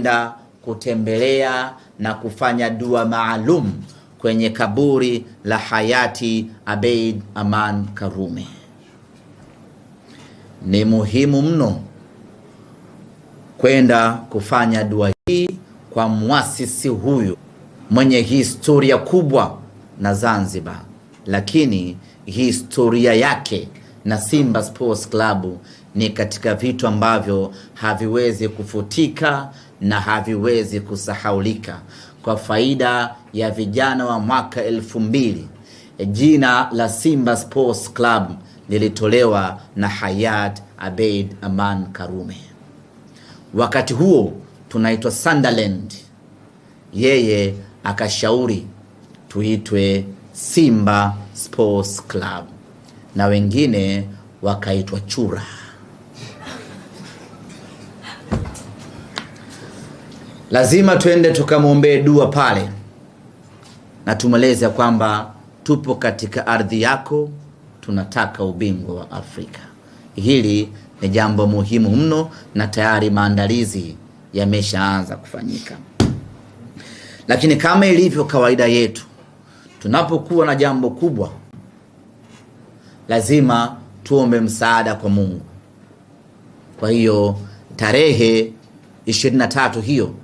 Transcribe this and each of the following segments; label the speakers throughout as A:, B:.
A: kwenda kutembelea na kufanya dua maalum kwenye kaburi la hayati Abeid Aman Karume. Ni muhimu mno kwenda kufanya dua hii kwa mwasisi huyu mwenye historia kubwa na Zanzibar, lakini historia yake na Simba Sports Club ni katika vitu ambavyo haviwezi kufutika na haviwezi kusahaulika kwa faida ya vijana wa mwaka elfu mbili. Jina la Simba Sports Club lilitolewa na Hayat Abeid Aman Karume. Wakati huo tunaitwa Sunderland, yeye akashauri tuitwe Simba Sports Club na wengine wakaitwa chura. Lazima twende tukamwombee dua pale na tumweleze kwamba tupo katika ardhi yako, tunataka ubingwa wa Afrika. Hili ni jambo muhimu mno, na tayari maandalizi yameshaanza kufanyika. Lakini kama ilivyo kawaida yetu, tunapokuwa na jambo kubwa lazima tuombe msaada kwa Mungu. Kwa hiyo tarehe 23 hiyo,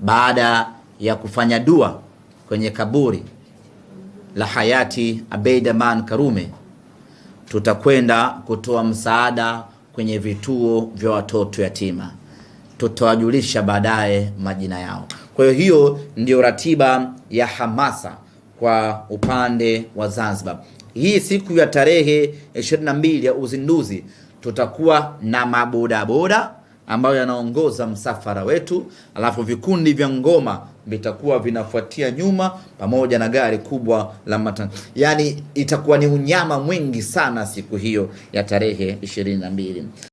A: baada ya kufanya dua kwenye kaburi la hayati Abeid Karume, tutakwenda kutoa msaada kwenye vituo vya watoto yatima. Tutawajulisha baadaye majina yao. Kwa hiyo hiyo ndiyo ratiba ya hamasa kwa upande wa Zanzibar hii siku ya tarehe 22 ya uzinduzi tutakuwa na mabodaboda ambayo yanaongoza msafara wetu, alafu vikundi vya ngoma vitakuwa vinafuatia nyuma pamoja na gari kubwa la matan. Yaani itakuwa ni unyama mwingi sana siku hiyo ya tarehe 22.